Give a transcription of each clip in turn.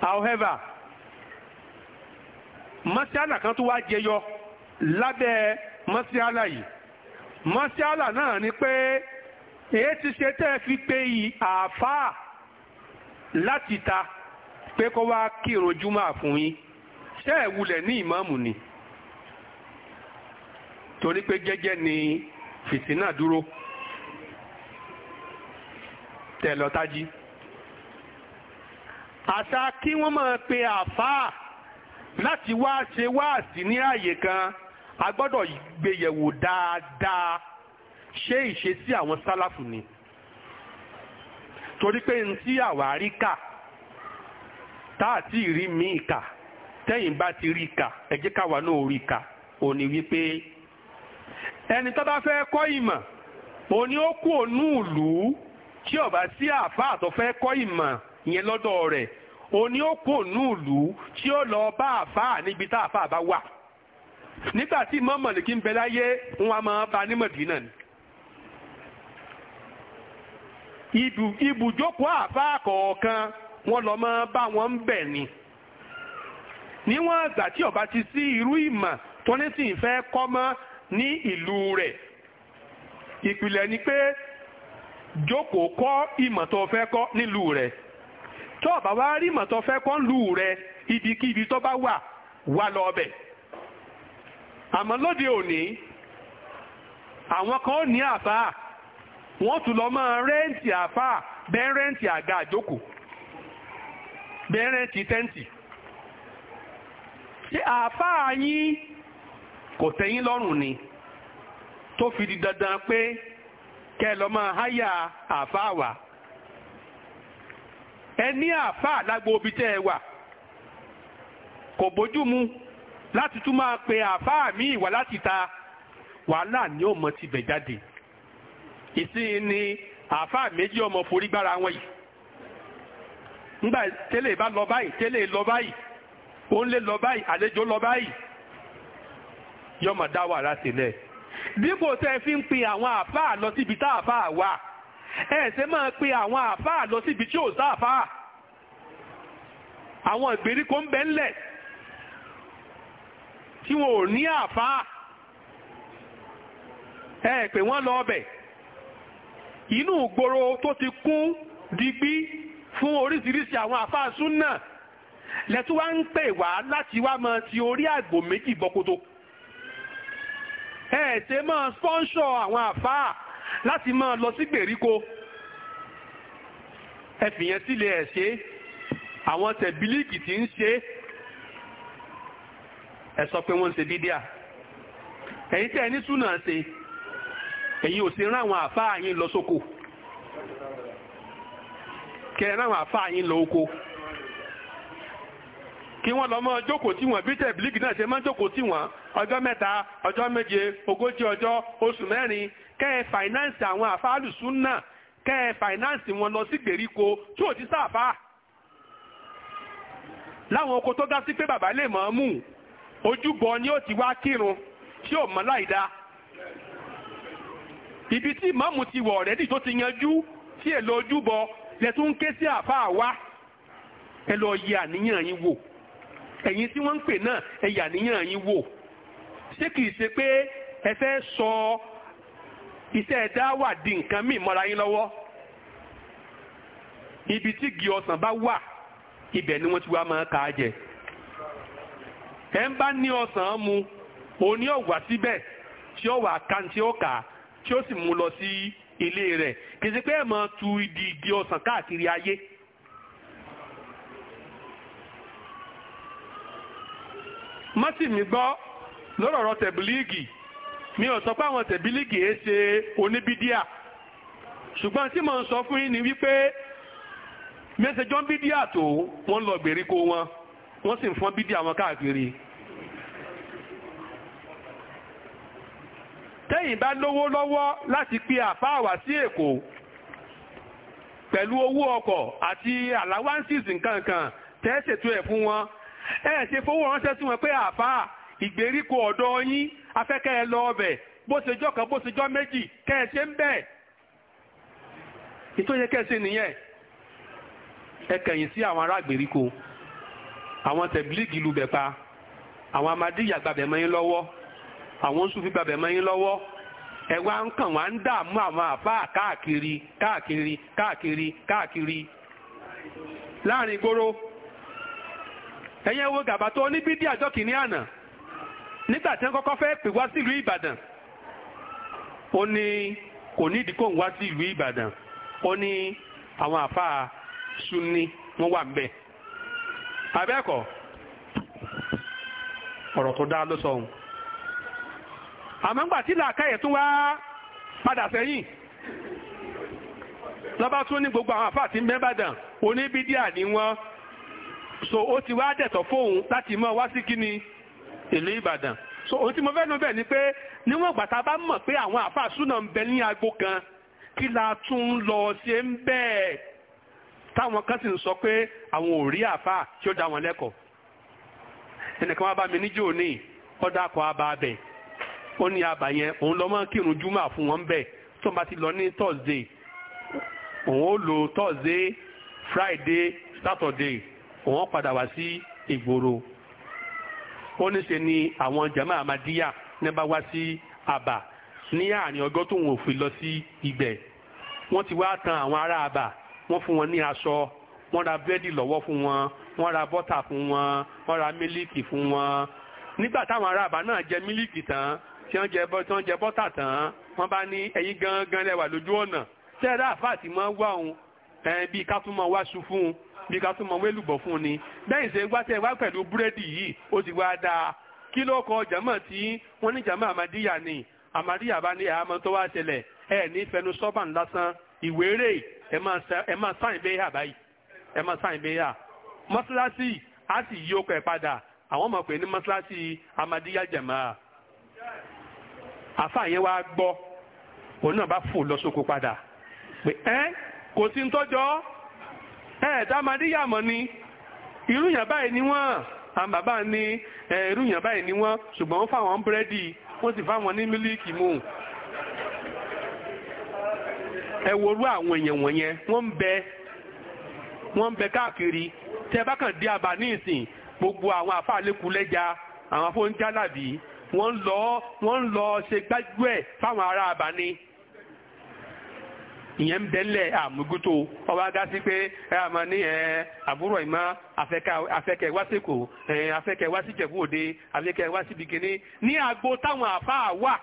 however masiala kan tó wá jẹyọ lábẹ́ masiala yìí masiala náà ni pé èyí ti ṣe tẹ́ fi pé àáfàá láti ta pé kó wá kírun júmọ́ fún yín ṣé ẹ̀ wulẹ̀ ní ìmáàmù ni torí pé jẹ́jẹ́ ni fìtínà dúró tẹ̀ lọ́tájí àṣà kí wọ́n máa pe àfáà láti wá ṣe wáàsí ní àyè kan a gbọ́dọ̀ gbéyẹ̀wò dáadáa ṣé ìṣesí àwọn sálàfù ni torí pé n tí àwárí kà tá àti ìrí míì kà tẹ́yìn bá ti rí kà ẹ jẹ́ káwa náà rí kà ó ní wípé ẹni tó bá fẹ́ kọ́ ìmọ̀ òní ó kú ònú ìlú tí ó sí àfáà tó fẹ́ kọ́ ìmọ̀ ìyẹn lọ́dọ̀ rẹ̀ òní ó kò núùlù tí ó lọ bá àfáà níbi tá àfáà bá wà nígbà tí Imam Málíkì ń bẹ láyé wọn a máa bá ní Mẹdínà ni. ibùjókòó àfáà kọ̀ọ̀kan wọn lọ máa bá wọn ń bẹ̀ ni níwọ̀n àgbà tí ọba ti sí irú ìmọ̀ tó ní sì ń fẹ́ kọ́ mọ́ ní ìlú rẹ̀ ìpìlẹ̀ ni pé jókòó kọ́ ìmọ̀ tó fẹ́ kọ́ nílùú rẹ̀ tó ọ̀bà wá rí mọ̀ tó fẹ́ kọ́ ń lù rẹ ibikíbi tó bá wà wà lọ ọbẹ̀ àmọ́ lóde òní àwọn kan ó ní àfáà wọ́n tún lọ máa rẹ́ǹtì àfáà bẹ́ẹ̀ rẹ́ǹtì àga àjókòó bẹ́ẹ̀ rẹ́ǹtì tẹ́ǹtì ṣé àfáà yín kò tẹ́yìn lọ́rùn ni tó fi di dandan pé kẹ́ lọ máa háyà àfáà wà ẹ ní àáfàá lágbo ibi tẹ́ ẹ wà kò bójú mu láti tún máa pe àáfàá míì wá láti ta wàhálà ni ó mọ tibẹ̀ jáde ìsìn ni àáfàá méjì ọmọ forí gbára wọn yìí nígbà tẹ́lẹ̀ bá lọ báyìí tẹ́lẹ̀ lọ báyìí òun lè lọ báyìí àlejò lọ báyìí yọmọ dá wàhálà sílẹ̀ dípò tẹ́ ẹ fi ń pe àwọn àáfàá lọ síbi tá àáfàá wà ẹ ṣe máa pe àwọn àáfàá lọ síbi tí ò sáàfàá àwọn ìgbèríko ń bẹ ńlẹ̀ tí wọn ò ní àfáà ẹ pè wọ́n lọ ọbẹ̀ inú ìgboro tó ti kún digbí fún oríṣiríṣi àwọn àfáà súnà lẹ́tún wá ń pè wá láti wá mọ ti orí àgbò méjì bọ́kótó ẹ ṣe máa spọ́nṣọ̀ àwọn àfáà láti máa lọ sí gbèríko ẹ fìyẹn sílẹ̀ ẹ̀ ṣe àwọn tẹ̀bílíkì ti ń ṣe ẹ sọ pé wọ́n ń ṣe bídíà eyi tẹ́ ẹ ní súnà lọ sóko k'era ẹ rán àwọn lọ oko kí wọn lọ mọ́ jókòó tí wọ́n bí tẹ̀bílíkì náà ṣe máa jókòó tí méje ogójì oṣù ẹ àwọn náà wọn lọ sí gbèríko tí ò ti láwọn oko tó ga sí pé bàbá lè mọ̀ ọ́n mú ojúbọ ni ó ti wá kírun tí ò mọ́ láì dá ibi tí ìmọ̀ọ́mù ti wọ̀ ọ̀rẹ́dì tó ti yanjú tí èlò ojúbọ lẹ́tún ń ké sí àfáà wá ẹ lọ yẹ àníyàn yín wò ẹ̀yin tí wọ́n ń pè náà ẹ yẹ àníyàn yín wò ṣé kìí ṣe pé ẹ fẹ́ sọ iṣẹ́ ẹ̀dá wà di nǹkan míì mọ́ra yín lọ́wọ́ ibi tí igi ọsàn bá wà ibẹ̀ ni wọ́n ti wá máa ka jẹ. ẹ̀ ń bá ní ọ̀sán mu òní ọ̀wà síbẹ̀ tí ó wà kan tí ó kà tí ó sì mú lọ sí ilé rẹ̀ kì pé ẹ̀ máa tu ìdí ìdí ọ̀sán káàkiri ayé. mọ́tìmí gbọ́ lọ́rọ̀ tẹ̀bílíìgì mi ò sọ pé àwọn tẹ̀bílíìgì ẹ̀ ṣe oníbídíà ṣùgbọ́n tí mo ń sọ fún yín ni wípé mẹ́sẹ̀jọ́ ń bídíà tó wọ́n lọ gbèríko wọn wọ́n sì ń fọ́n bídíà wọn káàkiri. tẹ́yìn bá lówó lọ́wọ́ láti pe àfáà wá sí èkó pẹ̀lú owó ọkọ̀ àti allowances nkankan tẹ́ẹ̀sẹ̀tú ẹ̀ fún wọn ẹ̀ ṣe fowó ránṣẹ́ sí wọn pé àfáà ìgbèríko ọ̀dọ̀ yín afẹ́kẹ́ ẹ lọ ọbẹ̀ bó ṣe jọ́ kan bó méjì kẹ́ ẹ ṣe ń bẹ̀ ètò yẹ kẹ́ ẹ ṣe nìyẹn ẹ sí àwọn ará ìgbèríko àwọn tẹ̀blíìgì lubẹ̀ pa àwọn amadíyà gbàbẹ̀ mọ́ yín lọ́wọ́ àwọn oṣùfì gbàbẹ̀ mọ́ yín lọ́wọ́ ẹ wá ń kàn wá ń dààmú àwọn àfáà káàkiri káàkiri káàkiri káàkiri láàrin ìgboro ẹ̀yẹ́ wo gàbà tó oníbídí àjọ kìíní àná nígbà tí wọ́n kọ́kọ́ fẹ́ pè wá sí ìlú Ìbàdàn ó ní kò nídìí kó ń wá sílùú Ìbàdàn ó ní àwọn àfáà sunni wọ́n wà bẹ́ẹ̀ abẹ́ẹ̀kọ́ ọ̀rọ̀ tó dá ló sọ ohun àmọ́ ńgbà tí làákàyè tún wá padà sẹ́yìn lọ́ba tún ní gbogbo àwọn àfáà tí ń bẹ́ẹ̀bàdàn oníbídíà ni wọ́n so ó ti wá dẹ̀tọ̀ fóun láti mọ́ wá sí kíni ìlú Ìbàdàn so ohun tí mo fẹ́ lọ bẹ̀ ni pé níwọ̀n gbàtà bá mọ̀ pé àwọn àfáà súnà ń bẹ ní agbo kan kí la tún lọ ṣe ń bẹ́ẹ̀ táwọn kan sì ń sọ pé àwọn ò rí àáfàá tí ó dá wọn lẹ́kọ̀ọ́ ẹnìkan wá bá mi níjó ní ọ̀dà kọ́ abà abẹ ó ní abà yẹn òun lọ́mọ kírun júmọ̀ fún wọn bẹ́ẹ̀ tó bá ti lọ ní thursday òun ó lò thursday friday saturday òun padà wá sí ìgboro ó ní ṣe ni àwọn jama amadiya ní bá wá sí àbà ní àárín ọgọ́ tó wọn ò fi lọ sí ibẹ̀ wọ́n ti wá tan àwọn ará àbà wọ́n fún wọn ní aṣọ wọ́n ra búrẹ́dì lọ́wọ́ fún wọn wọ́n ra bọ́tà fún wọn wọ́n ra mílíkì fún wọn. nígbà táwọn aráàbá náà jẹ mílíkì tán tí wọ́n jẹ tí wọ́n jẹ bọ́tà tán wọ́n bá ní ẹ̀yin gangan lẹ́wà lójú ọ̀nà tẹ́ẹ̀rẹ́ àfáàtì máa ń wá òun bíi ká tún máa wáṣu fún un bíi ká tún máa wélùbọ̀ fún un ni. bẹ́ẹ̀ ṣe wá tẹ́ wá pẹ̀lú búrẹ́dì yìí ó ti wá dáa kí ló kọ jàmọ́ tí wọ́n ní jàmọ́ àmàdíyà ni àmàdíyà bá ní àmọ́ tó wá ṣẹlẹ̀ ẹ̀ ní fẹnu sọ́bàn lásán ìwé rè ẹ máa sáyìn bẹ́ẹ̀ yà báyìí ẹ máa sáyìn bẹ́ẹ̀ yà mọ́ṣáláṣí á sì yí okọ̀ ẹ̀ padà àwọn ọmọ pè ní mọ́ṣáláṣí amadíyá jẹ̀mọ́ àfa yẹn wá gbọ́ òun náà bá fò lọ sóko padà pé ẹ kò sí ntọ́jọ́ ẹ dá amadíyá mọ́ ni irú yàn báyìí ni wọ́n àwọn bàbá ní irú yàn báyìí ni wọ́n ṣùgbọ́n wọ́n fáwọn búrẹ́dì wọ́n sì fáwọn ní mílíìkì mú ẹ worú àwọn wọ́n bẹ wọ́n bẹ káàkiri gbogbo àwọn àfáàlékulẹ́ja àwọn afọ́njálàbí wọ́n lọ wọ́n lọ ṣe gbájú ẹ̀ fáwọn ará ni ìyẹn ń bẹ́lẹ̀ àmúgútó ọba dá sí pé ẹ àmọ́ ní ẹ àbúrò ìmọ̀ afẹ́kẹ́ wá Òde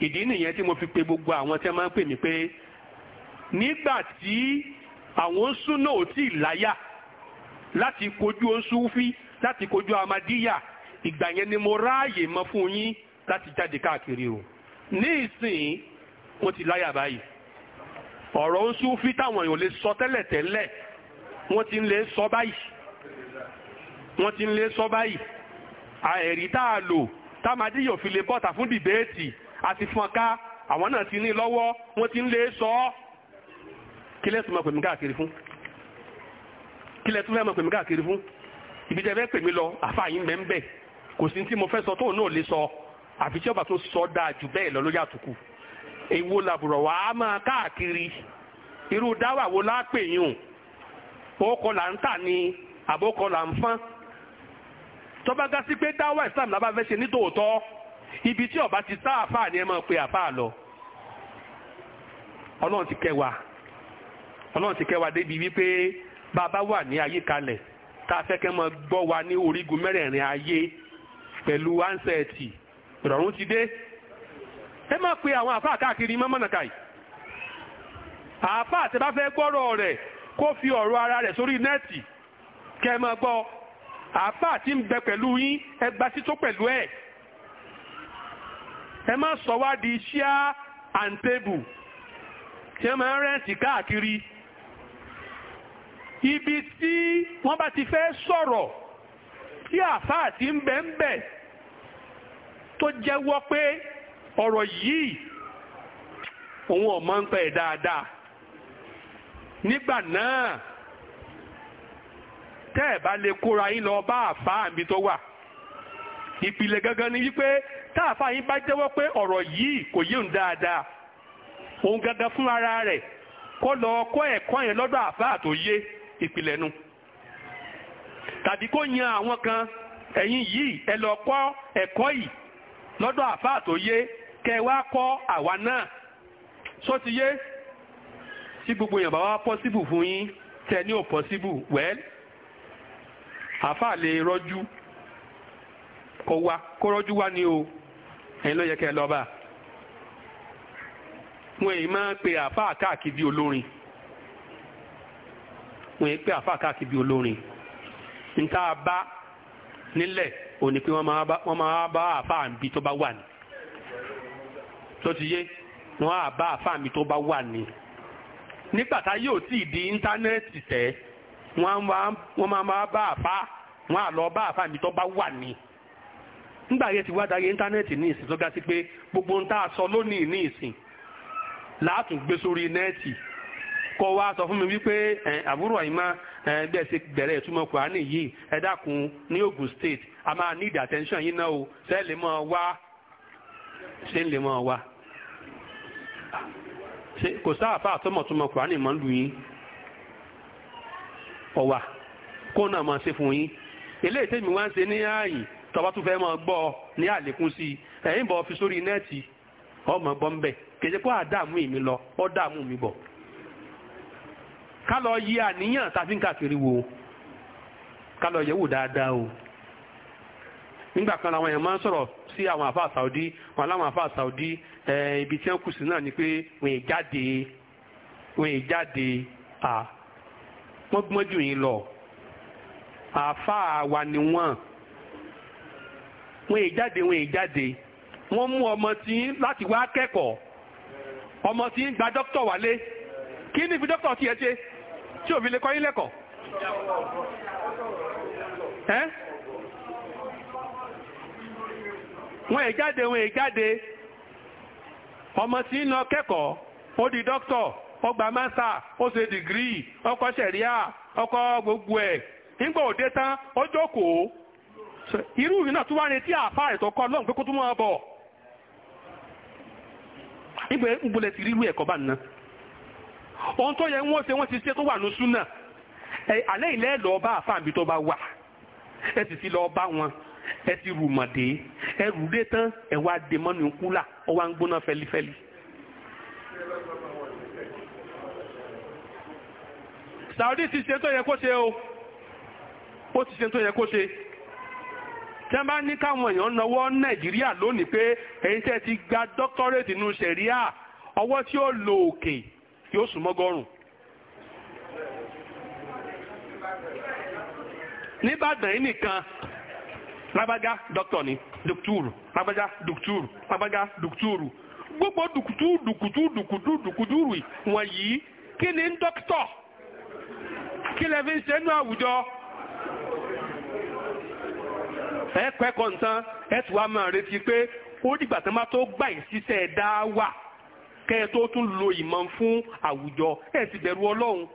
ìdí nìyẹn tí mo fi pe gbogbo àwọn tí wọ́n máa ń pè mí pé nígbà tí àwọn súnà ò tí ì láyà láti kojú oṣùfí láti kojú amadíyà ìgbà yẹn ni mo ráàyè mọ fún yín láti jáde káàkiri o ní ìsìn wọ́n ti láyà báyìí ọ̀rọ̀ oṣùfí táwọn èèyàn lè sọ tẹ́lẹ̀ tẹ́lẹ̀ wọ́n ti ń lè sọ báyìí wọ́n ti ń lè sọ báyìí àẹ̀rí tá a lò támadíyà ò fi lè bọ́ta fún dìbéètì àti fọnká àwọn náà ti ní lọ́wọ́ wọ́n ti ń lè sọ ọ́ kí lẹ́tù máa pèmí káàkiri fún kí lẹ́tù máa pèmí káàkiri fún ibi tẹ́ fẹ́ pèmí lọ àfààyàn mẹ́ńbẹ̀ kò sí tí mo fẹ́ sọ tóun náà lè sọ àfi tí ọba tó sọ dáa jù bẹ́ẹ̀ lọ ló yàtùkù èwo làbùrọ̀ wà á máa káàkiri irú dáwà wo lápè yùn òkọ là ń tà ní àbókọ là ń fán tọ́ba gá sí pé dáwà ìsìlámù làbá fẹ́ ṣe nítòótọ́ ibi tí ọba ti sá àfáà ni ẹ máa pe àfáà lọ ọlọ́run ti kẹwàá ọlọ́run ti kẹwàá débi wípé bàbá wà ní ayé kalẹ̀ tá a fẹ́ kẹ́ máa gbọ́ wa ní orígun mẹ́rẹ̀ẹ̀rin ayé pẹ̀lú ánsẹ̀tì ìrọ̀rùn ti dé ẹ máa pe àwọn àfáà káàkiri mọ́mọ́nàkà yìí àfáà tẹ bá fẹ́ gbọ́rọ̀ rẹ̀ kó fi ọ̀rọ̀ ara rẹ̀ sórí nẹ́ẹ̀tì kẹ́ máa gbọ́ àfáà ti ń bẹ pẹ̀lú yín ẹgbàá sí tó pẹ̀lú ẹ̀ ẹ má sọ wá di chair and table tí wọ́n máa ń rẹ́ǹtì káàkiri ibi tí wọ́n bá ti fẹ́ sọ̀rọ̀ tí àfáà ti ń bẹ̀ ń bẹ̀ tó jẹ́wọ́ pé ọ̀rọ̀ yìí òun ò mọ̀ ń pẹ́ dáadáa nígbà náà tẹ́ ẹ̀ bá lè kóra yín lọ bá àfáà níbi tó wà ìpìlẹ̀ gangan ni wípé táàfà yín bá jẹ́wọ́ pé ọ̀rọ̀ yìí kò yé òun dáadáa òun gangan fún ara rẹ̀ kó lọ kọ́ ẹ̀kọ́ yẹn lọ́dọ̀ àfáà tó yé ìpìlẹ̀ nu tàbí kó yan àwọn kan ẹ̀yin yìí ẹ lọ kọ́ ẹ̀kọ́ yìí lọ́dọ̀ àfáà tó yé kẹ wá kọ́ àwa náà sọ ti yé tí gbogbo èèyàn bá wá pọ́síbù fún yín tẹ ní ò pọ́síbù wẹ́ẹ́lì àfáà lè rọ́jú kó wá kó rọ́jú wá ni o ẹ̀yin ló yẹ kẹ́ ẹ lọ́ba wọn èyí máa ń pe àáfàá káàkiri bí olórin wọn èyí pe àáfàá káàkiri bí olórin níta bá nílẹ̀ ò ní pé wọ́n máa bá àáfàá níbi tó bá wà ní tó ti yé wọ́n á bá àáfàá mi tó bá wà ní nígbà tá yóò tí ì di íńtánẹ́ẹ̀tì tẹ́ wọ́n máa bá àáfàá wọ́n á lọ bá àáfàá mi tó bá wà ní nígbà yẹn ti wá dayé íńtánẹ́ẹ̀tì ní ìsìn tó ga sí pé gbogbo ń tá a sọ lónìí ní ìsìn láàtún gbé sórí nẹ́ẹ̀tì kọ wá sọ fún mi wípé àbúrò àyìnmá bẹ́ẹ̀ bẹ̀rẹ̀ ìtumọ̀ kùránì yìí ẹ dákun ní Ogun State a máa need attention yín náà o ṣé lè mọ̀ wá ṣé lè mọ̀ wá kò sáàfà àtọmọ̀tọmọ̀ kùránì mọ́ lù yín ọ̀wà kó náà máa ṣe fún yín eléyìí tèmi wá ń ṣe ní ààyè tọba tún fẹ́ mọ́ gbọ́ ní àlékún sí i ẹ̀yìn bọ̀ fi sórí nẹ́ẹ̀tì ọmọ gbọ́n bẹ̀ kèsì pé àdààmú mi lọ ọ́ dààmú mi bọ̀ ká lọ yẹ àníyàn tàbí káàkiri wo ká lọ yẹ wò dáadáa o nígbà kan làwọn èèyàn máa ń sọ̀rọ̀ sí àwọn àfáà Saudi wọn láwọn àfáà Saudi ibi tí wọ́n kù sí náà ni pé wọ́n è jáde wọ́n è jáde à wọ́n gbọ́n jù yín lọ àfáà wa ni wọ́n. wọn è jáde wọn è jáde wọ́n mú ọmọ tí láti wá kẹ́kọ̀ọ́ ọmọ tí ń gba dókítà wálé kí ní fi dókítà tiẹ̀ ṣe tí òbí lè kọ́ yín lẹ́kọ̀ọ́ ẹ́ wọ́n è jáde wọ́n è jáde ọmọ tí ń lọ kẹ́kọ̀ọ́ ó di dókítà ó gba mástà ó ṣe dìgírì ó kọ́ ṣẹ̀ríà ó gbogbo ẹ̀ nígbà òde tán ó jókòó. irú ìrìn náà tó wá retí àfá ìtọ́kọ́ lọ́n pé kó tó máa bọ̀ nígbẹ̀ ìbúlẹ̀ ti rírú ẹ̀kọ́ bá nná ohun tó yẹ wọ́n ṣe wọ́n ti ṣe tó wà ní súnà alẹ́ ilẹ̀ lọ bá àfá àbí tó bá wà ẹ sì ti lọ bá wọn ẹ ti rù mọ̀dé ẹ rù dé tán ẹ wá dé mọ́nu kúlà ọ wá ń gbóná fẹlifẹli. Saudi ti ṣe tó yẹ kó ṣe o ó ti ṣe tó yẹ kó ṣe. tí wọ́n bá ní káwọn èèyàn náwó nàìjíríà lónìí pé ẹ̀yin tẹ́ ti gba doctorate nínú sẹ̀ríà ọwọ́ tí ó lo òkè yóò sùn mọ́gọ́rùn. níbàdàn yìí nìkan Labaga doctor ni dùkútùrù lágbájá dùkútùrù lágbájá gbogbo dùkútù dùkútù dùkútù dùkútùrù wọ̀nyí kí ni dókítọ̀ kí lè fi ń ṣe nínú àwùjọ. ẹ kẹ́kọ̀ọ́ nǹkan ẹ tún wá máa retí pé ó dìgbà tán bá tó gbà yín síṣẹ́ dá wà kẹ́ ẹ tó tún lo ìmọ̀ fún àwùjọ ẹ sì bẹ̀rù ọlọ́run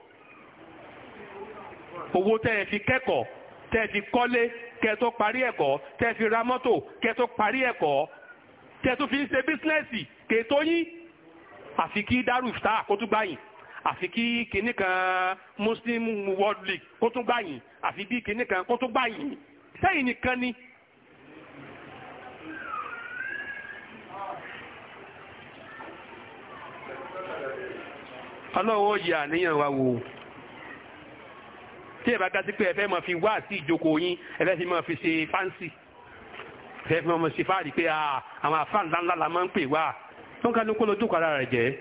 owó tẹ́ ẹ fi kẹ́kọ̀ọ́ tẹ́ ẹ fi kọ́lé kẹ́ ẹ tó parí ẹ̀kọ́ tẹ́ ẹ fi ra mọ́tò kẹ́ ẹ tó parí ẹ̀kọ́ tẹ́ ẹ tó fi ń ṣe bísínẹ́sì kẹ́ ẹ tó yín àfi kí Darustar kó tún gbà àfi kí kinní kan Muslim World League kó tún gbà yín àfi bí kinní kan kó tún sẹ́yìn nìkan ni. Kani, ọlọ́wọ́ yẹ àníyàn wa wò tí ẹ bá dá sí pé ẹ fẹ́ máa fi wá sí ìjókòó yín ẹ fẹ́ fi máa fi ṣe fáǹsì ẹ fẹ́ fi ṣe fáàrí pé àwọn àfáà ńláńlá la máa ń pè wá wọn ká ló kó lọ jókòó ara rẹ̀ jẹ́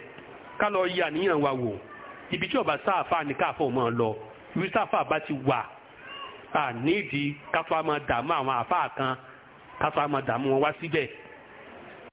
ká lọ yẹ àníyàn wa wò ibi tí ọba sáàfà ní káàfọ̀ mọ́ ọ lọ ibi sáàfà bá ti wà à nídìí káfọ́ àmọ́ dààmú àwọn àfáà kan káfọ́ àmọ́ dààmú wọn wá síbẹ̀.